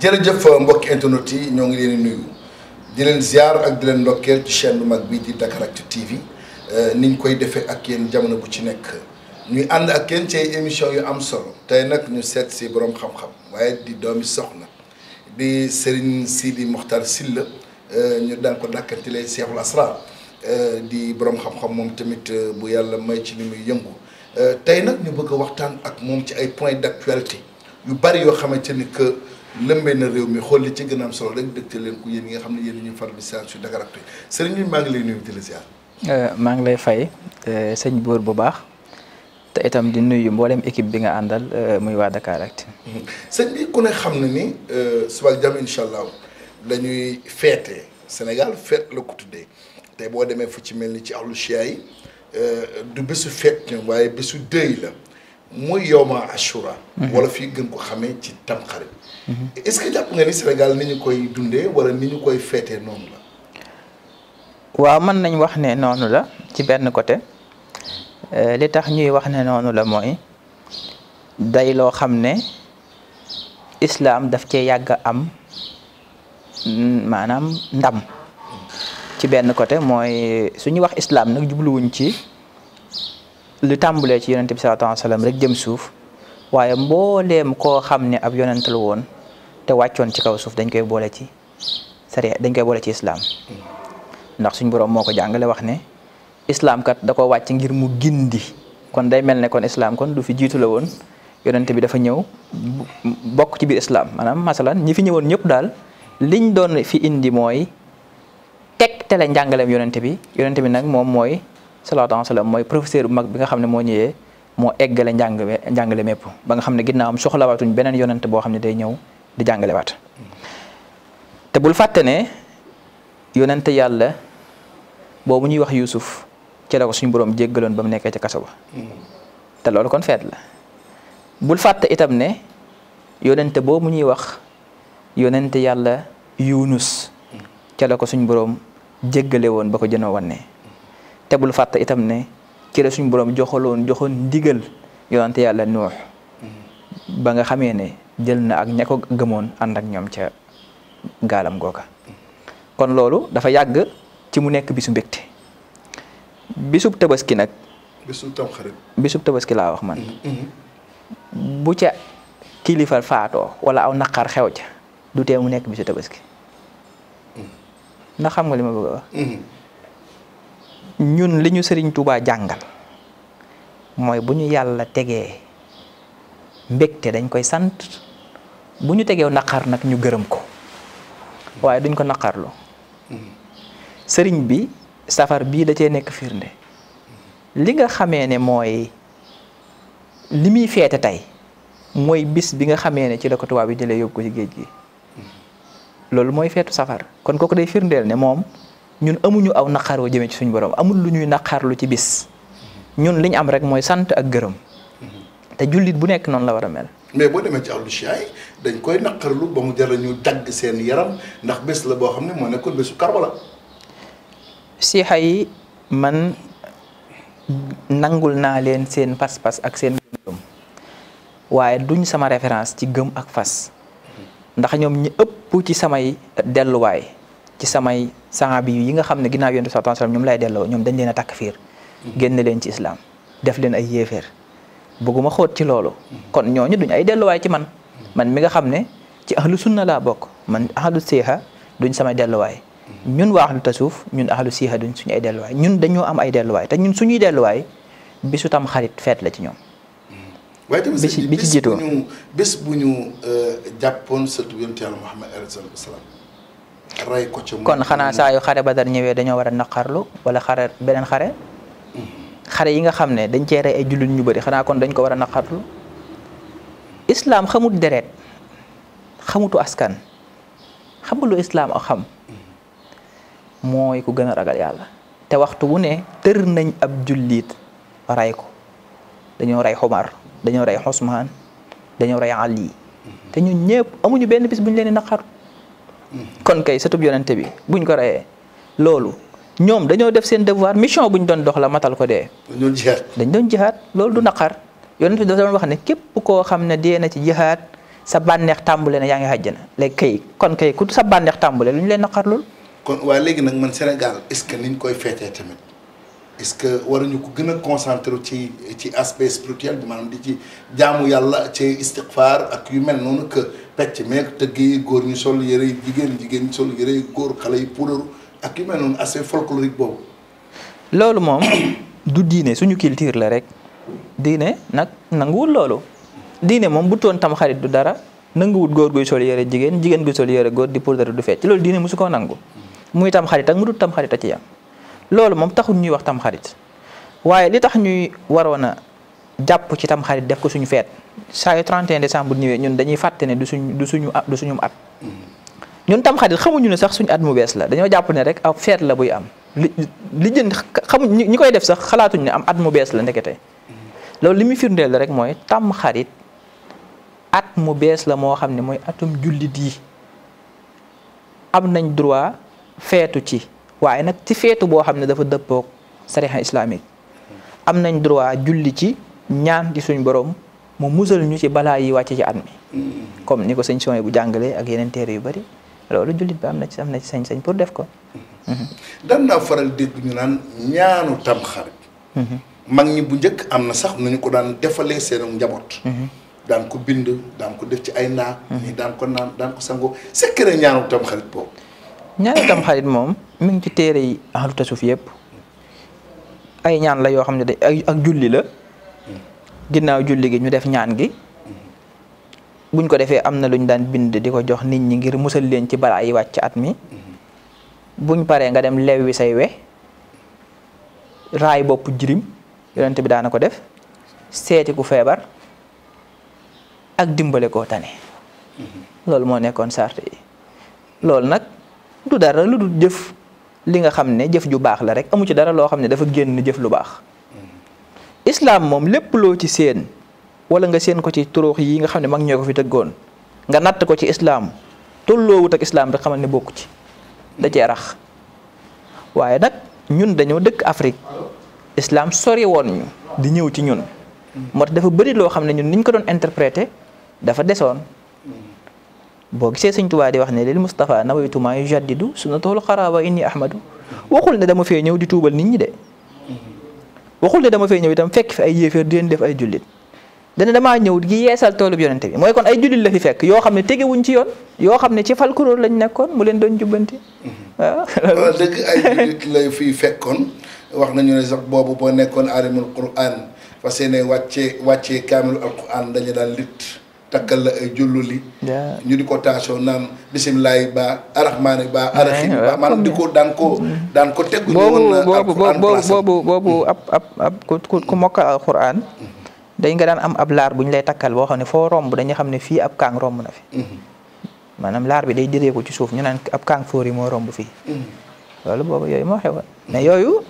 jërëjëf euh, mbokki internet yi ñoo ngi leen di nuyu di leen ziar ak di leen ndokkeel ci chaîne bu mag bi di Dakaractu TV euh, ni ñu koy defee ak yéen jamono bu ci nekk ñuy ànd ak yéen ci émission yu am solo tey nag ñu seet si borom xam-xam waaye di doomi soxna di Serigne Sidi Mokhtar Sylla euh, ñu daan ko dàkkantilee Cheikhul Asrar di borom xam-xam moom tamit bu yàlla may ci li muy yëngu tey nag ñu bëgg a waxtaan ak moom ci ay points d'actualité yu bari yoo xamante ni que. lëmbee na réew mi xool li ci gën a am solo rek dëkk leen ku yéen yi nga xam ne yéen ñu faral di saa su Dakaractu sëriñ maa ngi lay nuyu di la ziar. Euh, maa ngi lay fay sëñ Buur bu baax te itam di nuyu mboolem équipe bi nga àndal euh, muy waa Dakaractu. Mm-hmm. sëñ bi ku ne xam na ni euh, suba ak jàmm incha lañuy dañuy feete Sénégal feet la ko tuddee te boo demee fu ci mel ni ci ahlu chia yi du bésu feet ñoom waaye bésu dëy la. muy yowma ashura wala fii gën ko xamee ci tamxarit est-ce que jàpp nga ni Sénégal ni ñu koy dundee wala ni ñu koy feetee noonu la waaw mën nañ wax ne noonu la ci benn côté euh, li tax ñuy wax ne noonu la mooy day loo xam ne islaam daf cee yàgg am maanaam ndam ci benn côté mooy suñu wax islaam nag jubluwuñ ci lu tàmbulee ci yonent bi sallallahu alayhi wa sallam rek jëm suuf waaye mbooleem koo xam ne ab yonent la woon te wàccoon ci kaw suuf dañ koy boole ci sariya dañ koy boole ci islaam ndax suñ borom moo ko jàngale wax ne islaam kat da ko wàcc ngir mu gindi kon day mel ne kon islaam kon du fi jiitu la woon yonent bi dafa ñëw bokk ci biir islaam maanaam masalan ñi fi ñëwoon ñëpp daal liñ doon fi indi mooy teg tele jàngale yonent bi yonent bi nag moom mooy salaatu wa mooy professeur bu mag bi nga xam ne moo ñëwee moo eggale njàng njàngale mépp ba nga xam ne ginnaawam soxlawaatuñ beneen yonent boo xam ne day ñëw di jàngalewaat te bul fàtte ne yonent yàlla boobu ñuy wax Yuusuf ci la suñu borom jéggaloon ba mu nekkee ca kaso loolu kon feet la bul fàtte itam ne yonent boobu ñuy wax yonent yàlla Yunus ca la ko suñu borom jéggale woon ba ko jënoo wan ne te bul itam ne ci la suñu borom joxaloon joxoon ndigal yonante yàlla nuux mm-hmm. ba nga xamee ne jël na ak ña ko gëmoon ànd ak ñoom ca gaalam googa mm-hmm. kon loolu dafa yàgg ci mu nekk bisu mbégte bisu tabaski nag. bisub tamxarit tabaski laa wax man. Mm-hmm. bu ca kilifa faatoo wala aw naqar xew ca du tee mu nekk bisu tabaski. ndax xam nga li ma a wax. ñun li ñu sëriñ Touba jàngal mooy bu ñu yàlla tegee mbégte dañ koy sant bu ñu tegee naqar nag ñu gërëm ko waaye duñ ko naqarlu sëriñ bi safar bii da cee nekk firnde li nga xamee ne mooy li muy feete tey mooy bis bi nga xamee ne ci la ko tubaab yi jëlee yóbbu ko ci géej gi loolu mooy feetu safar kon kooku day firndeel ne moom ñun amuñu aw naqar jëme ci suñu borom amul luñuy ñuy ci bis ñun liñ am rek moy sant ak gërëm té julit bu nekk non la wara mel mais bo démé ci Abdou Chay dañ koy naqarlu ba mu jëla ñu dag seen yaram ndax bes la bo xamné mo moo besu karbala si hay man nangul na len seen pas-pas ak seen gëm waye duñ sama référence ci gëm ak fas ndax ñom ñi ëpp ci samay delluwaay ci samay sahabi yi nga xam ne ginnaaw yonent sa sallallahu alayhi ñoom lay delloo ñoom dañ leen a takfiir mhm. génn leen ci islam def leen ay yéeféer bëgguma xóot ci loolu mhm. kon ñooñu duñ ay delluwaay ci man mhm. man mi nga xam ne ci ahlu sunna laa bokk man ahlu seexa duñ samay delluwaay ñun waa ahlu suuf ñun ahlu siiha duñ suñ ay delluwaay ñun dañoo am ay delluwaay te ñun suñuy delluwaay bisu tam xarit feet la ci ñoom waaye tamit bés bu ñu euh, jàppoon sëtu yonent Yàlla Muhammad alayhi rey ko ci kon xanaa saa yu xare badar ñëwee dañoo war a wala xare beneen xare hmm. xare yi nga xam ne dañ cee rey ay jullit ñu bëri xanaa kon dañ ko war islam xamut deret xamutu askan xam lu islam a xam mooy ku gën a ragal yàlla te waxtu wu ne tër nañ ab jullit ray ko dañoo ray Omar dañoo ray Ali hmm. te ñun ñëpp amuñu benn bis bu ñu leen kon kay satub yonente bi buñ ko reyee loolu ñoom dañoo def seen devoir mission buñ doon dox la matal ko dee. dañ doon jihaat dañ doon jihaat loolu du naqar yonent bi dafa doon wax ne képp koo xam ne dee na ci jihaat sa bànneex tàmbule na yaa ngi xàjjana léegi kay kon kay ku sa bànneex tàmbule lu ñu leen naqar loolu. kon waaye léegi nag man Sénégal est-ce que niñ koy feetee tamit. est-ce que waruñu ko gëna a concentré ci ci aspect spirituel bi manam di ci jaamu yalla ci istighfar ak yu mel nonu ke pecc meeg tëgg yi ñu sol yere yi jigen ñu sol yere yi góor yi puudaru ak yu mel noonu assez folklorique boobu. lolu mom du diiné suñu culture la rek diiné nak nangul lolu diiné mom bu ton tam xarit du dara nangul góor goy sol yere jigéen jigéen guy sol yere góor di puudaru du fecc lolu diiné musuko nangul muy tam xarit ak mudut tam xarit ci yam loolu moom taxul ñuy wax tamxarit waaye li tax ñuy waroon a jàpp ci tamxarit def ko suñu feet saa yu 31 décembre ñëwee ñun dañuy fàtte ne du suñ du suñu du suñu at. ñun tamxarit xamuñu ne sax suñu at mu bees la dañoo jàpp ne rek aw feet la buy am li li jënd xamuñ ñi koy def sax xalaatuñ ne am at mu bees la ndekete loolu li muy firndee firndeel rek mooy tamxarit at mu bees la moo xam ne mooy atum jullit yi am nañ droit feetu ci. waaye nag ci feetu boo xam ne dafa dëppoog sariha islamique am nañ droit julli ci ñaan ci suñ borom mu musal ñu ci balaa yi wàcce ci at mi comme ni ko sëñ Sonia bu jàngalee ak yeneen téere yu bari loolu jullit bi na ci am na ci sañ-sañ pour def ko. daan naa faral dégg ñu naan ñaanu tamxarit. mag ñi bu njëkk am na sax nañu ko daan defalee seen njaboot. daan ko bind daan ko def ci ay ndaa nii mm-hmm. daan ko naan daan ko sangoo secret ñaanu tamxarit boobu. ñaanu tamxarit moom mi ngi ci téere yi ahlu suuf yëpp ay ñaan la yoo xam ne de ak julli la ginnaaw julli gi ñu def ñaan gi buñ ko defee am na luñ daan bind di ko jox nit ñi ngir musal leen ci balaa yi wàcc at mi buñ paree nga dem lewwi say we raay bopp jirim yonent bi daana ko def seeti ku feebar ak dimbale ko tane loolu moo nekkoon sart yi nag du dara lu dul jëf li nga xam ne jëf ju baax la rek amu ci dara loo xam ne dafa génn jëf lu baax islaam moom lépp loo ci seen wala nga seen ko ci turuux yi nga xam ne mag ñoo ko fi tëggoon nga natt ko ci islaam tolloowut ak islaam rek xamal ne bokku ci da cee rax waaye nag ñun dañoo dëkk Afrique islaam sori woon ñu di ñëw ci ñun mm. moo tax dafa bëri loo xam ne ñun niñ ko doon interprété dafa desoon boo gisee sëñ Tuubaa di wax ne lil Moustapha nawaytu maa yujaddidu sunnatahul xaraaba inni ahmadu waxul ne dama fee ñëw di tuubal nit ñi de. waxul ne dama fee ñëw itam fekk fi ay yéeféer di leen def ay jullit dana damaa ñëw gi yeesal toolub yonente bi mooy kon ay jullit la fi fekk yoo xam ne tegewuñ ci yoon yoo xam ne ci falkuróor lañu nekkoon mu leen doon jubbanti. waaw loolu ay jullit lay fi fekkoon wax nañu ne sax boobu boo nekkoon arimul Qur'an fas yéene wàccee wàccee kaamil al Qur'an dañu daan lit. taggal la ay julluli ñu di ko tension naan bisimilaay ba arahmaani ba eh, arahim ba maanaam di ko daan ko mm-hmm. daan ko teggu boobu boobu boobu ku ku mokkal alquran mm-hmm. dañ nga daan am ab laar buñ lay takkal boo xam ne foo romb dañu xam ne fii ab kaang romb na fi mm-hmm. maanaam laar bi day diree ko ci suuf ñu naan ab kaang fóor yi moo romb fii loolu boobu yooyu moo xewoon mais yooyu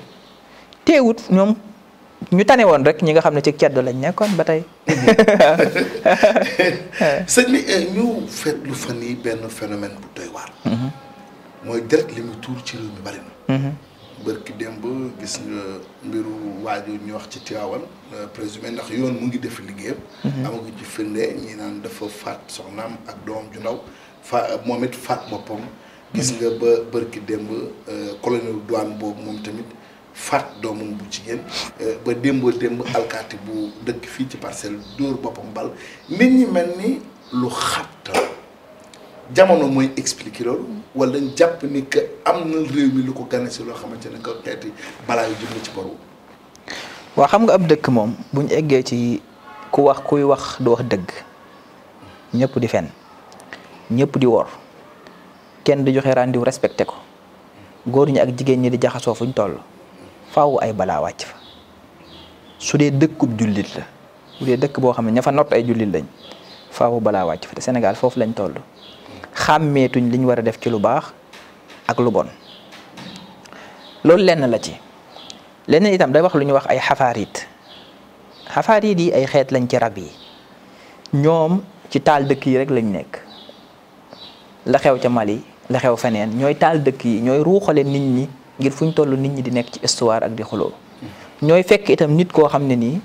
teewut ñoom ñu tane woon rek ñi nga xam ne ci ceddo lañ nekkoon ba tey. sëñ bi eh, ñu fetlu fa yi benn phénomène bu doy waar. Mhm. mooy deret li tuur ci réew mi bari na. Mhm. bërki démb gis nga mbiru waaju ñu wax ci Tiwaawan présumé ndax yoon mu ngi def liggéeyam. Mhm. amaguñ ci firnde ñi naan dafa faat soxnaam ak doom ju ndaw fa moom it faat boppam. gis nga ba bërki démb eh, colonel douane boobu moom tamit. fat doomam bu jigéen euh, ba démb dem alkati bu deug fi ci parcel dóor bopam bal nit ñi melni lu xabtal jamono moy expliquer lolu wala japp ni ke amna rew mi lu ko gane ci lo xamantene ko tetti balaa yu jëm ci boru wa xam nga ab dëkk mom bu ñu eggee ci ku wax kuy wax do wax deug ñepp di fen ñepp di wor kenn di joxe rendez-vous respecté ko goor ñi ak jigéen ñi di jaxaso fuñ toll faaw ay balaa wàcc fa su dee dëkkub jullit la bu dee dëkk boo xam ne ña fa not ay jullit lañ faaw balaa wàcc fa te Sénégal foofu lañ toll xàmmeetuñ liñ war a def ci lu baax ak lu bon loolu lenn la ci leneen itam day wax lu ñuy wax ay xafaarit xafaarit yi ay xeet lañ ci rab yi ñoom ci taal dëkk yi rek lañ nekk la xew ca Mali la xew feneen ñooy taal dëkk yi ñooy ruuxale nit ñi ngir fu ñu toll nit ñi di nekk ci histoire ak di xuloo ñooy fekk itam nit koo xam ne nii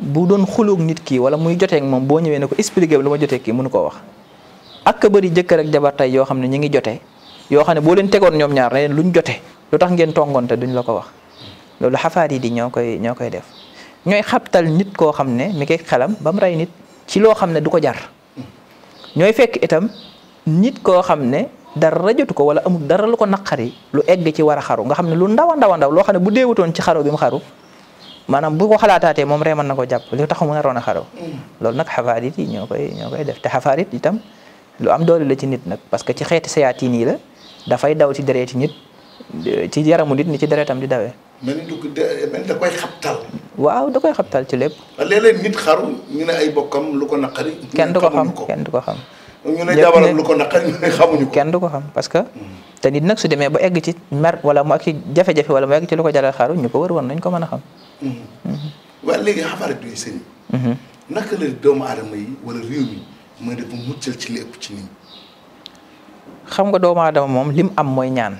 bu doon xuloog nit kii wala muy joteek moom boo ñëwee ne ko expliqué lu ma jotee kii mënu koo wax ak bëri jëkkër ak jabar tey yoo xam ne ñu ngi jote yoo xam ne boo leen tegoon ñoom ñaar ne luñ jote lu tax ngeen tongoonte la ko wax loolu xafaar yi di ñoo koy ñoo koy def ñooy xabtal nit koo xam ne mi ngi xelam ba mu rey nit ci loo xam ne du ko jar ñooy fekk itam nit koo xam ne dara rajatu wala amul dara lu ko naqari lu egg ci war a xaru nga xam ne lu ndaw a ndaw a loo xam ne bu deewutoon toon xaru bi mu xaru maanaam bu ko xalaataatee moom ree mën na ko jàpp li tax mu naroon a loolu nag xafaarit yi ñoo koy ñoo koy def te xafaarit itam lu am doole la ci nit nag parce que ci xeeti sayaatiin yi la dafay daw ci dereeti nit ci yaramu nit ni ci dereetam di da koy da koy xabtal ci lépp léeg-léeg nit xaru ñu ne ay bokkam lu ko naqari kenn xam ñu ne jabaram ko kenn du ko xam parce que te nit nag su demee ba egg ci mer wala mu ak ci jafe-jafe wala mu egg ci lu ko jaral xaaru ñu ko war woon nañ ko mën xam mm-hmm. waaye léegi xabaar duy sëñ mm-hmm. naka xam nga doomu aadama moom lim am mooy ñaan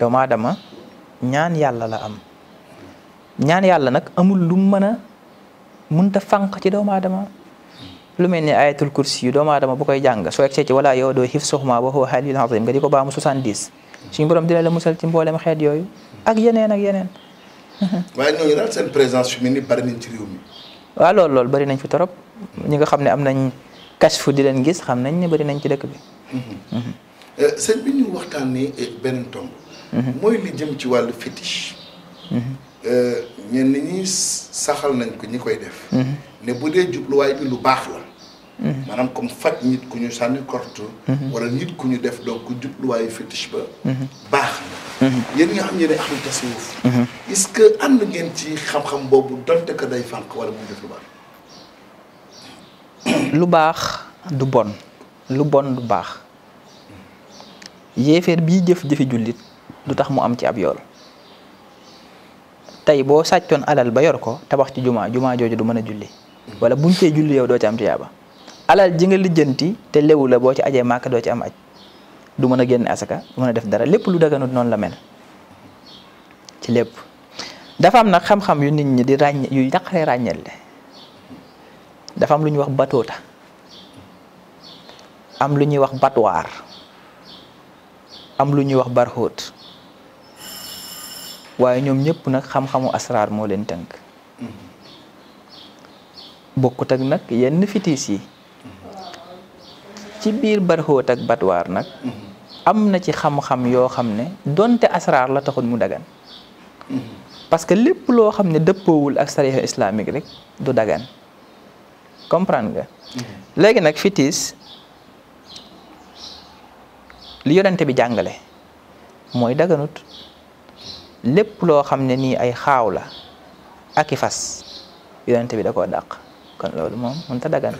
doomu aadama ñaan yàlla la am ñaan yàlla nag amul lu mën a mënta fànq ci doomu aadama lu mel ni ayatul kursi yu doomu aadama bu koy jàng soo egsee ci walaa yow doo xiif soxma wa huwa haliyul azim la musal ci mboolem xeet yooyu ak yeneen ak yeneen. waaye ñooñu daal seen présence fi mu ne bari nañ ci réew mi. bari nañ fi torop ñi nga xam ne am nañ kashfu di leen gis xam nañ ne bari nañ ci dëkk bi. Mhm. Mhm. Eh, sëñ bi ñu waxtaanee eh, beneen tomb. Mhm. mooy li jëm ci wàllu fétiche. Eh, ñenn ñi saxal nañ ko ñi koy def. ne bu dee jubluwaay bi lu baax la. maanaam comme faj nit ku ñu sànni kortu wala nit ku ñu def donc jubluwaayu fétiche ba baax na nga xam ne ne ahlu tasawuf est-ce que ànd ngeen ci xam-xam boobu donte ko day fànq wala mu def lu baax lu baax du bon lu bon du baax yéeféer bii jëf jëfi jullit du tax mu am ci ab yool tey boo sàccoon alal ba yor ko tabax ci jumaa jumaa jooju du mën a julli wala buñ cee julli yow doo ci am tiyaaba alal ji nga lijjanti te lewu la boo ci ajee màkk doo ci am aj du mën a génn asaka du mën a def dara lépp lu daganut noonu la mel ci lépp dafa am nag xam yu nit ñi di ràññ yu naqaree ràññeel dafa am lu ñuy wax batoota am lu ñuy wax batwaar am lu ñuy wax barxóot waaye ñoom ñëpp nag xam-xamu asraar moo leen tënk mm-hmm. bokkut ak nag yenn fitiis yi ci biir barxóot ak batwaar nag am na ci xam-xam yoo xam ne donte asraar la taxul mu dagan parce que lépp loo xam ne dëppoowul ak sariya islamique rek du dagan comprendre nga léegi nag fitis li yonente bi jàngale mooy daganut lépp loo xam ne nii ay xaaw la aki fas yonente bi da koo dàq lolu mom moom ta dagan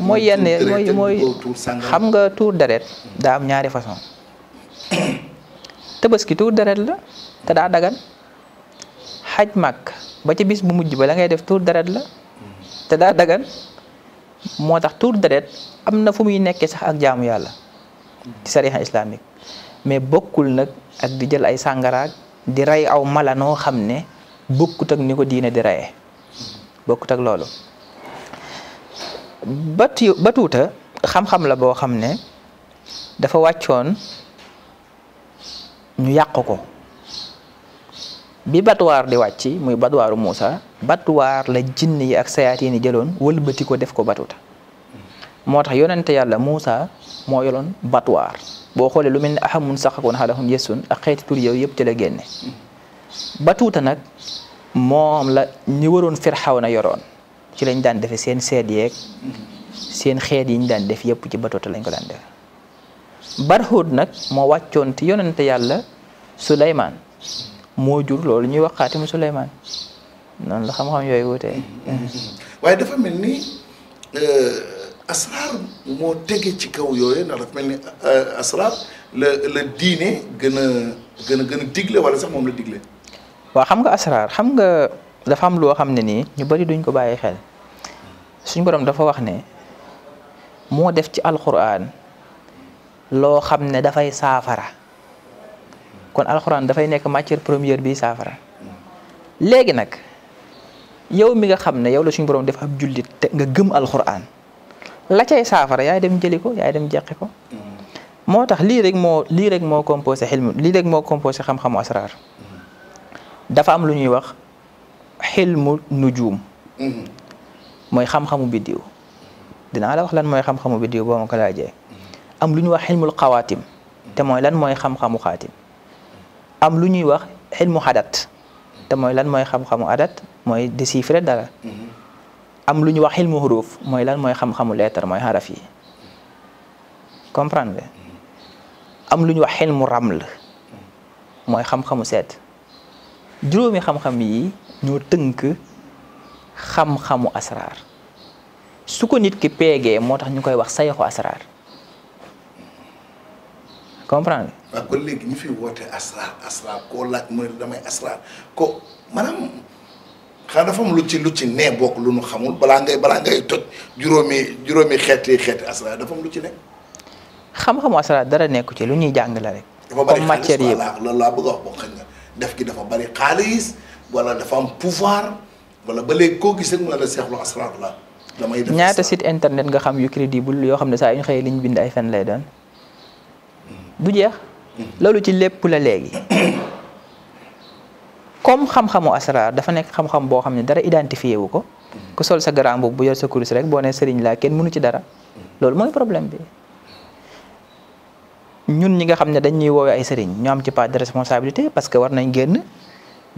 moy yenne moy moy xam nga tour deret da am ñaari façon tabaski tour deret la te da dagan haj mak ba ci bis bu mujj ba la ngay def tour deret la te da dagan motax tour deret amna fu muy nekk sax ak jaamu yalla ci sharia islamique mais bokul nak ak di jël ay sangara di ray aw mala noo xam ak ni diine di bokkut ak loolu batu batuuta xam-xam la boo xam ne dafa wàccoon ñu yàq ko bi batuwaar di wàcc muy batuwaaru Moussa batuwaar la jinn yi ak sayaatiin yi jëloon wëlbati def ko batuta moo tax yonente yàlla Moussa moo yoloon batuwaar boo xoolee lu mel ne axamun saxakun xalahum yesun ak xeeti tur yow yëpp te la génne batuuta nag moom la ñi waroon Firxaw na yoroon ci lañ daan defee seen seet yeeg seen xeet yi ñu daan def yëpp ci batoota lañ ko daan def barxut nag moo wàccoon ci yonente yàlla Suleymaan moo jur loolu ñuy wax xaatimu Suleymaan noonu la xam-xam yooyu wutee waaye dafa mel ni euh, asraar moo tege ci kaw yooyu ndax dafa mel ni euh, asraar la la diine gën a gën a gën a digle wala sax moom la digle waa xam nga asraar xam nga dafa am loo xam ne nii ñu bari duñ ko bàyyi xel suñ borom dafa wax ne moo def ci alquran loo xam ne dafay saafara kon alquran dafay nekk matière première bi saafara léegi nag yow mi nga xam ne yow la suñu borom def ab jullit te nga gëm alquran la cay saafara yaay dem jëli ko yaay dem jeqi ko mm. moo tax lii rek moo lii rek moo composé xilmu lii rek moo composé xam-xamu asraar dafa am lu ñuy wax hilmu nujum moy xam-xamu bidiw dina la wax lan moy xam-xamu bidiw bo ma ko am lu ñuy wax hilmu xawaatim te moy lan moy xam-xamu khatim am lu ñuy wax hilmu hadat te moy lan moy xam-xamu adat moy déchiffrer dara am lu ñuy wax hilmu huruf moy lan moy xam-xamu lettre moy xaraf yi comprendre am lu ñuy wax hilmu raml moy xam-xamu set juroomi xam-xam yi ñoo teunk xam-xamu asrar su ko nit ki pégé motax ñukoy wax sayxu asrar comprendre waaw kon léegi ñu fi woote asrar asrar ko laaj mo ne damay asraar ko manam xana dafa am lu ci lu ci né bok lu ñu xamul bala ngay bala ngay toj juroomi juroomi xéti xéti asrar dafa am lu ci né xam-xamu asrar dara nekku ci lu ñuy jang la rek comme matière yi la la bëgg wax boo xëy def gi dafa bari xaalis wala dafa am pouvoir wala ba léegi koo gis rek mu ne la seexlu asraar la ñaata site internet nga xam yu crédible yoo xam ne saa yu ñu xëyee liñ bind ay fen lay doon bu hmm. jeex hmm. loolu ci lépp la léegi comme xam-xamu asraar dafa nekk xam-xam boo xam ne dara identifié wu ko hmm. ku sol sa grand boobu bu yor sa kurus rek boo ne sëriñ laa kenn mënu ci dara loolu mooy problème bi ñun ñi nga xam ne dañ ñuy woowee ay sëriñ ñu ci part de responsabilité parce que war nañ génn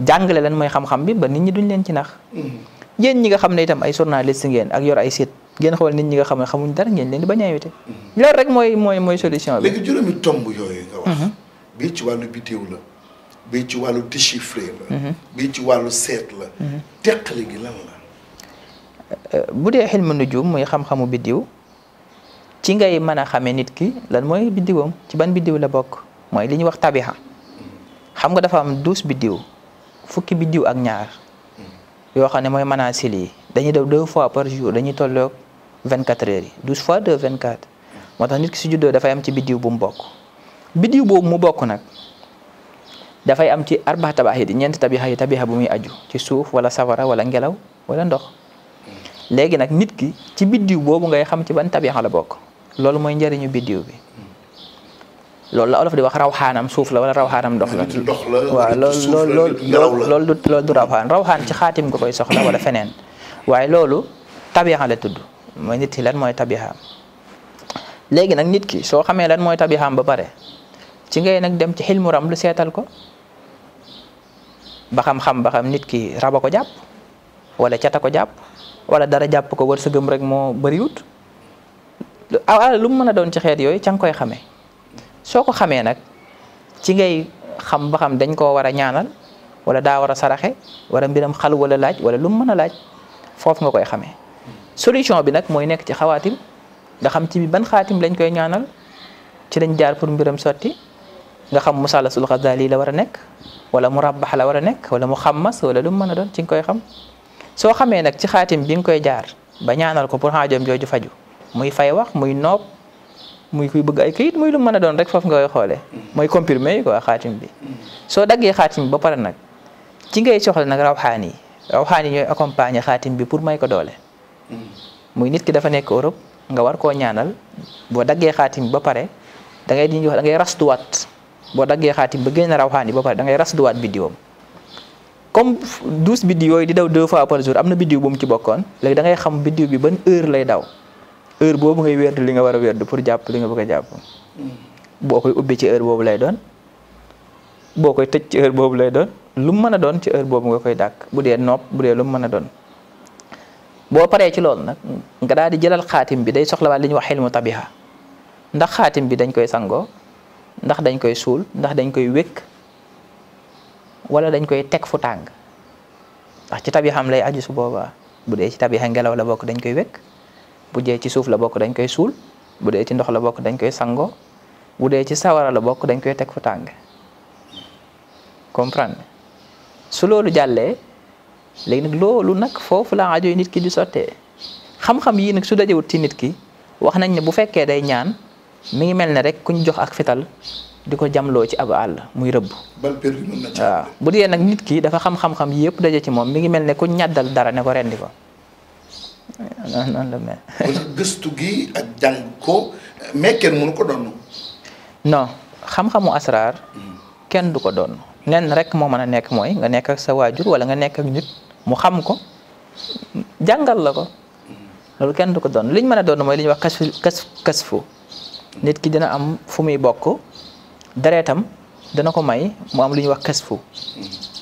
jàngale lan mooy xam-xam bi ba nit ñi duñ leen ci nax. Mm-hmm. yéen ñi nga xam ne itam ay journaliste ngeen ak yor ay site ngeen xool nit ñi nga xam ne xamuñ dara ngeen leen di bañ a invité. Mm-hmm. loolu rek mooy mooy mooy solution bi. léegi juróomi tomb yooyu mm-hmm. ci wàllu vidéo la. bi ci wàllu déchiffré la. bii ci wàllu seet la. teqali gi lan la. Euh, bu dee xilmu nujum muy xam-xamu biddiw ci ngay mën a xamee nit ki lan mooy biddiwam ci ban biddiw la bokk mooy li ñuy wax tabixa xam nga dafa am douze biddiw fukki biddiw ak ñaar yoo xam ne mooy manaasil yi dañuy def deux fois par jour dañuy tolloog vingt quatre heures yi douze fois deux vingt quatre moo tax nit ki su juddoo dafay am ci biddiw bu mu bokk biddiw boobu mu bokk nag dafay am ci arba tabaxit ñeenti tabixa yi tabixa bu muy aju ci suuf wala sawara wala ngelaw wala ndox léegi nag nit ki ci bidd boobu ngay xam ci ban tabixa la bokk loolu moy ndariñu bidiw bi loolu la olof di wax rawhanam suuf la wala rawhanam dox la wa loolu loolu loolu du loolu du ci khatim ko koy soxla wala fenen waye loolu tabiha la tuddu moy nit ki lan moy tabiha legi nak nit ki so xame lan moy tabiha ba bare ci ngay nak dem ci hilmu ram lu setal ko ba xam-xam ba xam nit ki rabako japp wala ciata ko japp wala dara japp ko wërsëgam rek bari wut alal ah, ah, lu mu mën a doon ci xeet yooyu ca koy xame soo ko xamee nag ci ngay xam ba xam dañ koo war a ñaanal wala daa war a saraxe wala mbiram xal wala laaj wala lu mu mën a laaj foofu nga koy xamee solution bi nag mooy nekk ci xawaatim nga xam ci bi ban xaatim lañ koy ñaanal ci lañ jaar pour mbiram sotti nga xam musalasul xazali la war a nekk wala mu rabbax la war a nekk wala mu xammas wala lu mu mën a doon ci nga koy xam soo xamee nag ci xaatim bi nga koy jaar ba ñaanal ko pour xaajoom jooju faju muy fay wax muy noob muy kuy bëgg ay kayit muy lu mën a doon rek foofu nga koy xoolee mooy comprimé yi quoi xaatim bi soo daggee xaatim bi ba pare nag ci ngay soxla nag rawxaan xaani rawxaan yi ñooy accompagner xaatim bi pour may ko doole muy nit ki dafa nekk Europe nga war koo ñaanal boo daggee xaatim ba pare da ngay di wax da ngay rastuwaat boo daggee xaatim ba génn rawxaan yi ba pare da ngay rastuwaat biddiwam comme douze biddiw yooyu di daw deux fois par jour am na biddiw bu mu ci bokkoon léegi dangay xam biddiw bi ban heure lay daw heure boobu ngay werd li nga war a werd pour jàpp li nga bëgg a jàpp hmm. boo koy ubbi ci heure boobu lay doon boo koy tëj ci heure boobu lay doon lum mu mën a doon ci heure boobu nga koy dàkk bu dee nopp bu dee lu mu mën a doon boo paree ci lool nag nga daal di jëlal xaatim bi day soxlawaat li ñuy wax xilmu tabiha ndax xaatim bi dañ koy sangoo ndax dañ koy suul ndax dañ koy wékk wala dañ koy teg fu tàng ndax ci tabixam lay aju su boobaa bu dee ci tabixa ngelaw la bokk dañ koy wékk bu jee ci suuf la bokk dañ koy suul bu dee ci ndox la bokk dañ koy sango bu dee ci sawara la bokk dañ koy teg fu tàng comprendre su loolu jàllee léegi nag loolu nag foofu la ajoy nit ki di sottee xam-xam yii nag su dajewut ci nit ki wax nañ ne bu fekkee day ñaan mi ngi mel ne rek ku ñu jox ak fital di ko jamloo ci ab àll muy rëbb. bal waaw bu dee nag nit ki dafa xam-xam-xam yii yëpp daje ci moom mi ngi mel ne ku ñàddal dara ne ko rendi ko. noonu noonu la mel. gëstu gi ak jàng ko mais kenn mënu ko doon. non xam-xamu asraar kenn du ko doon nen rek moo mën a nekk mooy nga nekk ak sa waajur wala nga nekk ak nit mu xam ko jàngal la ko loolu kenn du ko doon liñ mën a doon mooy li ñuy wax kasfu fu nit ki dana am fu muy bokk deretam dana ko may mu am lu ñuy wax kasfu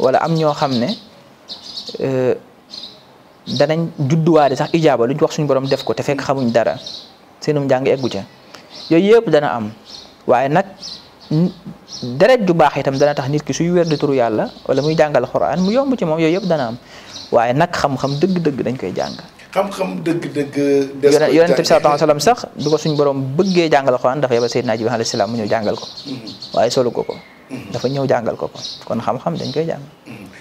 wala am ñoo xam ne. Euh, danañ judduwaale sax ijaaba lu ñu wax suñu boroom def ko te fekk xamuñ dara seenum njàng eggu ca yooyu yëpp dana am waaye nag deret ju baax itam dana tax nit ki suy wér di turu yàlla wala muy jàngal xuraan mu yomb ci moom yooyu yëpp dana am waaye nag xam-xam dëgg-dëgg dañ koy jàng. xam-xam dëgg-dëgg. des ko yonent bi sallallahu sax bi ko suñu borom bëggee jàngal xuraan dafa yebal Seydina Jibril alayhi salaam mu ñëw jàngal ko. Mm-hmm. waaye solu ko ko. Mm-hmm. dafa ñëw jàngal ko ko kon xam-xam dañ koy jàng. Mm-hmm.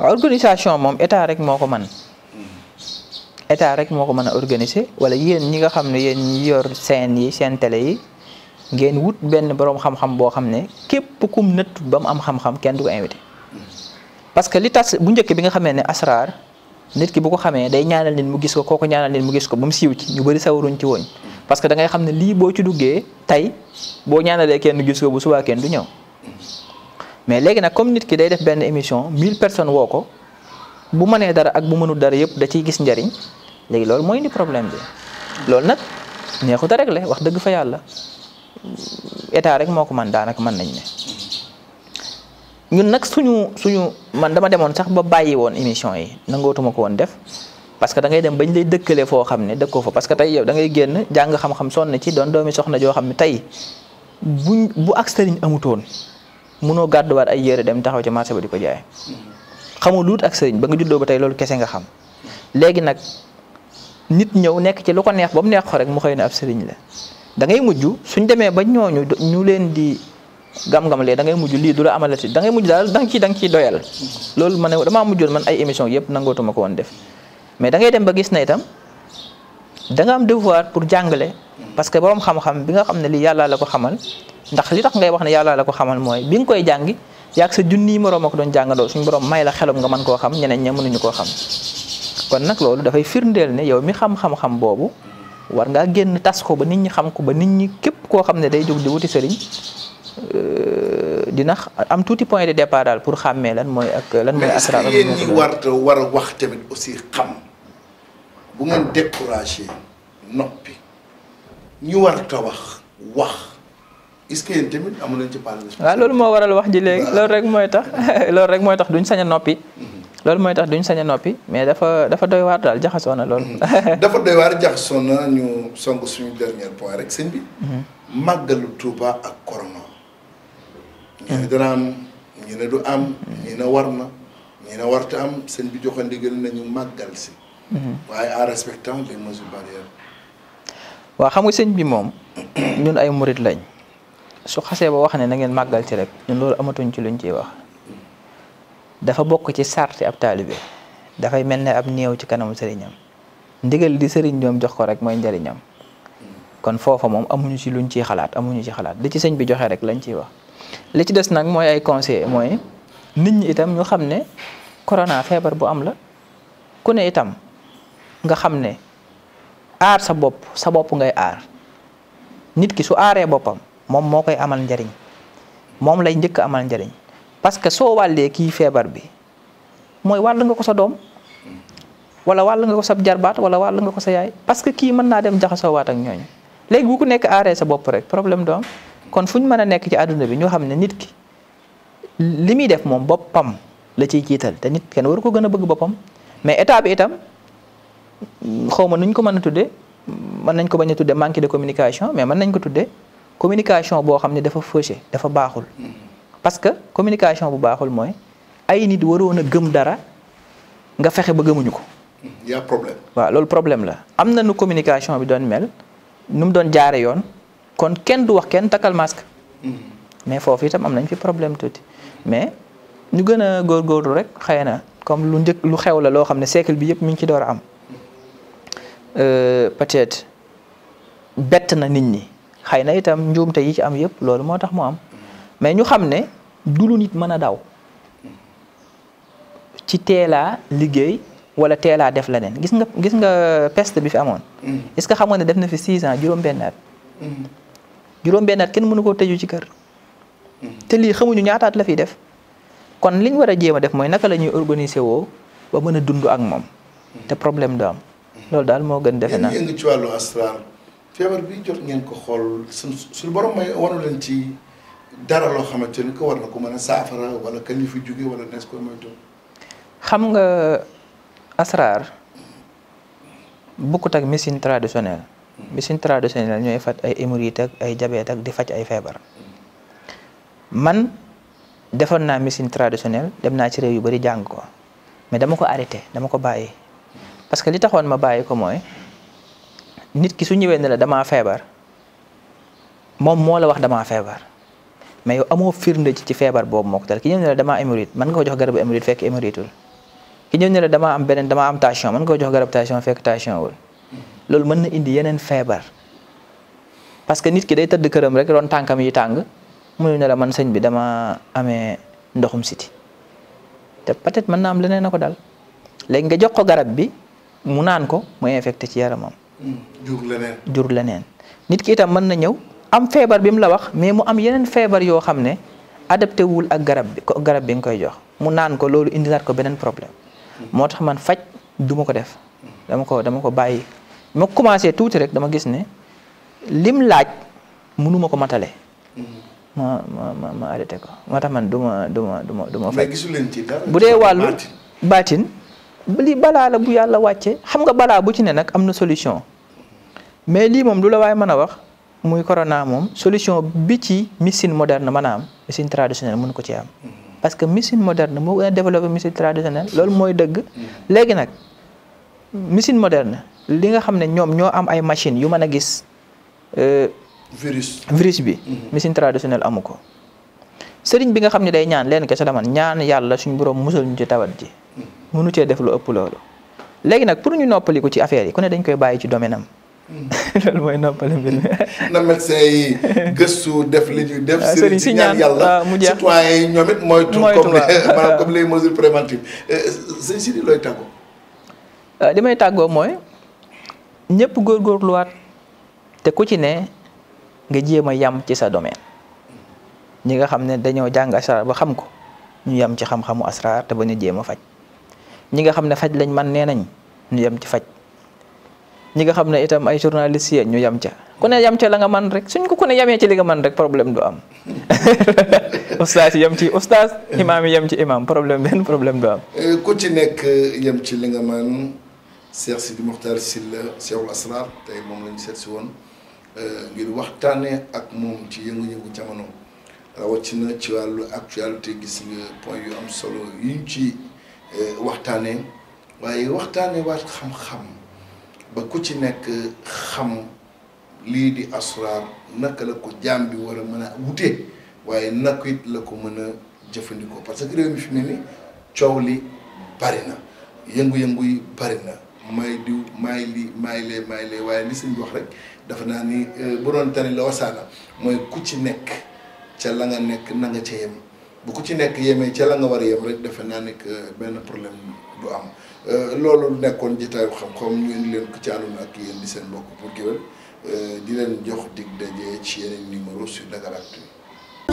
organisation moom état rek moko man état rek moko man a organiser wala yeen ñi nga xamne yeen yor scène yi scène télé yi ngeen wut benn borom xam-xam bo xamne képp kum neut bam am xam-xam kenn du invité parce que li tass bu ñëk bi nga xamé né asrar nit ki bu ko xamé day ñaanal nit mu gis ko koku ñaanal nit mu gis ko bam siiw ci ñu bëri sawaruñ ci woon parce que da ngay xamné li bo ci duggé tay bo ñaanalé kenn gis ko bu suba kenn du ñëw mais léegi nag comme nit ki day def benn émission 1000 personnes woo ko bu mënee dara ak bu mënul dara yëpp da ciy gis njariñ léegi loolu mooy indi problème bi loolu nag neexut a régler wax dëgg fa yàlla état rek moo ko mën daanaka mën nañ ne ñun nag suñu suñu man dama demoon sax ba bàyyi woon émission yi nangootuma ko woon def parce que da ngay dem bañ lay dëkkalee foo xam ne dëkkoo fa parce que tey yow da génn jàng xam-xam sonn ci doon doomi soxna joo xam ne tey buñ bu ak sëriñ amutoon mënoo gàdduwaat ay yére dem taxaw ci marché ba di ko jaay xamu luut ak sëriñ ba nga juddoo ba tey loolu kese nga xam léegi nag nit ñëw nekk ci lu ko neex ba mu neex ko rek mu xëy na ab sëriñ la dangay mujj suñ demee ba ñooñu ñu leen di gam-gam lee da ngay mujj lii du la amalati da ngay mujj daal da nga ciy da nga ciy doyal loolu man damaa mujjoon man ay émission yëpp nangootuma ko woon def mais da dem ba gis na itam nga am devoir pour jàngale. parce que borom xam-xam bi nga xam ne lii yàlla la ko xamal ndax li tax ngay wax ne yàllaa la ko xamal mooy bi nga koy jàng yaag sa junniy moroom a ko doon jàngandoo suñu borom may la xelum nga man koo xam ñeneen ña mënuñu koo xam kon nag loolu dafay firndeel ne yow mi xam-xam-xam boobu war ngaa génn tas ko ba nit ñi xam ko ba nit ñi képp koo xam ne day jóg di wuti sëriñ euh, dina am tuuti point de départ daal pour xàmmee lan mooy ak lan mooy asrar yéen ñi war war a wax tamit aussi xam bu ngeen découragé noppi ñu war ta wax est-ce que yéen tamit amu leen ci parler ah lolu mo waral wax ji léegi lolu rek moy tax lolu rek moy tax duñ saña nopi mhm. lolu moy tax duñ saña nopi mais dafa dafa doy war dal jaxasoo na mhm. dafa doy war jaxasoo ñu songu suñu dernier point rek seen bi mhm. Touba ak corona ñu dara am ñu ne du am ñu ne war na ñu ne warta am seen bi joxe nañu magal si waye en respectant les mesures barrières waa xam nga sëñ bi moom ñun ay murit lañ su xasee ba wax ne na ngeen màggal ci rek ñun loolu amatuñ ci luñ ciy wax dafa bokk ci sarti ab taalibe dafay mel ne ab néew ci kanamu sëriñam ndigal di sëriñ ñoom jox ko rek mooy njëriñam kon foofa moom amuñu ci luñ ci xalaat amuñu ci xalaat li ci sëñ bi joxe rek lañ ciy wax li ci des nag mooy ay conseil mooy nit ñi itam ñu xam ne corona feebar bu am la ku ne itam nga xam ne aar sa bop sa bop ngay aar nit ki su aaree bopam mom moo koy amal njariñ mom lay ñëk amal njariñ parce que so walé ki feebar bi moy wal nga ko sa dom wala wal nga ko sa jarbat wala wal nga ko sa yaay parce que ki mën na dem jaxaso wat ak ñooñu légui bu ku nekk aaree sa bop rek problème doom kon fu mëna nek nekk ci aduna bi ñu xamné nit ki limi def mom bopam la ci jital te nit kenn war ko gëna bëgg bopam mais état bi itam xaw ma nuñ ko mën a tuddee mën nañ ko bañ a tuddee manque de communication mais mën nañ ko tuddee communication boo xam ne dafa faussé dafa baaxul. parce que communication bu baaxul mooy ay nit waroon a gëm dara nga fexe ba gëmuñu ko. y a problème. waaw loolu problème la am na nu communication bi doon mel nu mu doon jaare yoon kon kenn du wax kenn takkal masque. mais foofu itam am nañ fi problème tuuti mais ñu gën a góorgóorlu rek xëy na comme lu njëkk lu xew la loo xam ne siècle bi yëpp mi ngi ci door a am. Euh, peut-être bett na nit ñi xëy na itam njuumte yi ci am yëpp loolu moo tax mu am mais ñu xam ne du lu nit mën a daw ci teelaa liggéey wala teelaa def leneen gis nga gis nga peste bi fi amoon. Mm. est-ce que xam nga ne def na fi six ans juróom-benn at. Mm. juróom-benn kenn mënu koo tëju ci kër. Mm. te lii xamuñu ñaataat la fiy def kon liñ war a jéem def mooy naka lañuy ñuy woo ba mën a dund ak moom. te problème du am. lol dal mo gën defena naa ngi ci walu astral feebar bi jot ngeen ko xol suñ suñu borom may wonu len ci dara lo xamanteni ko war na ko mën safara wala kalifu jugge wala nes ko may do xam nga asrar bukut ak médecine traditionnelle mm. médecine traditionnelle ñoy fat ay hémorite ak ay diabète ak di faj ay feebar man defon na médecine traditionnelle dem na ci rew yu bari jang ko mais dama ko arrêté dama ko bàyyi parce que li taxoon ma bàyyi ko mooy nit ki su ñëwee ne la damaa feebar moom moo la wax damaa feebar mais yow amoo firnde ci ci feebar boobu moo ko dal ki ñëw ne la damaa jox garabu hémorroïde fekk hémorroïdul ki ñëw ne la am beneen dama am tension mën nga ko jox garab tension fekk tension wul loolu mën na indi yeneen feebar parce que nit ki day tëdd këram rek ron tànkam yi tàng mu ne man sëñ bi dama amee ndoxum siti te peut-être mën na am leneen na ko dal léegi nga jox ko garab bi. mu naan ko mooy infecté ci yaramam. Mm. jur leneen jur leneen. nit ki itam mën na ñëw am feebar bi mu la wax mais mu am yeneen feebar yoo xam ne adapté wul ak garab bi nga koy jox mu naan ko loolu indi indilaat ko beneen problème. Mm. moo tax man faj duma ko def. dama ko dama ko bàyyi ma commencé tuuti rek dama gis ne lim laaj mënuma ko matale. Mm. ma ma ma ma ko moo tax man du ma du ma faj bu dee wàllu baatin. lii balaa la bu yàlla wàcce xam nga balaa bu ci ne nag am na solution mais lii moom lu la waaye mën a wax muy corona moom solution bi ci médecine moderne mën a am médecine mën ko ci am parce que médecine moderne moo gën a développé médecine traditionnelle loolu mooy dëgg léegi nag médecine moderne li nga xam ne ñoom ñoo am ay machines yu man a gis euh, virus virus bi médecine mhm. traditionnelle amu ko sëriñ bi nga xam ne day ñaan leen kese la man ñaan yàlla suñu borom musal ñu ci tawat ji mënu cee def lu ëpp loolu léegi nag pour ñu noppaliku ci affaire yi ku ne dañ koy bàyyi ci domaine hmm. noppali mbir mi. na médecin yi def li def. sëriñ si ñaan yàlla mu jeex citoyen mooy. mooy tout comme euh, euh, may tàggoo mooy ñëpp góorgóorluwaat te ku ci ne nga jéem a yam ci sa domaine ñi nga xam ne dañoo jàng asraar ba xam ko ñu yam ci xam-xamu asraar te ba ñu jéem a faj. ñi nga xam ne faj lañ man nee nañ ñu yem ci faj ñi nga xam ne itam ay journaliste yi ñu yem ca ku ne ca la nga man rek suñ ko ku ne yemee ci li nga man rek problème du am ustaas yem ci ustaas imaam yi yem ci imaam problème benn problème du am. Euh, ku ci nekk euh, yem ci li nga man Cheikh Sidi Mokhtar Sylla Cheikhul Asrar tey moom lañu seet si woon euh, ngir waxtaane ak moom ci yëngu-yëngu jamono rawatina ci wàllu actualité gis nga point yu am solo yuñ ci. Euh, waxtaanee waaye waxtaanee waat xam-xam ba ku ci nekk xam lii di asraar naka la ko jaam bi war a mën a wutee waaye naka it la ko mën a jëfandikoo parce que réew mi fi mu ne coow li bari yëngu-yëngu yi bari na may diw may li may lee may lee waaye li suñ wax rek dafa naa ni euh, bu doon tari la wasaana mooy ku ci nekk ca la nga nekk na nga ca yem. bu ko ci nekk yemee ca la nga war a yem rek defe naa ne benn problème du am euh, loolu nekkoon jotaayu xam-xam ñu indi ci àndoon ak yéen di seen mbokk Bour Gueweul di leen jox dig daje ci yeneen numéro sur Dakaractu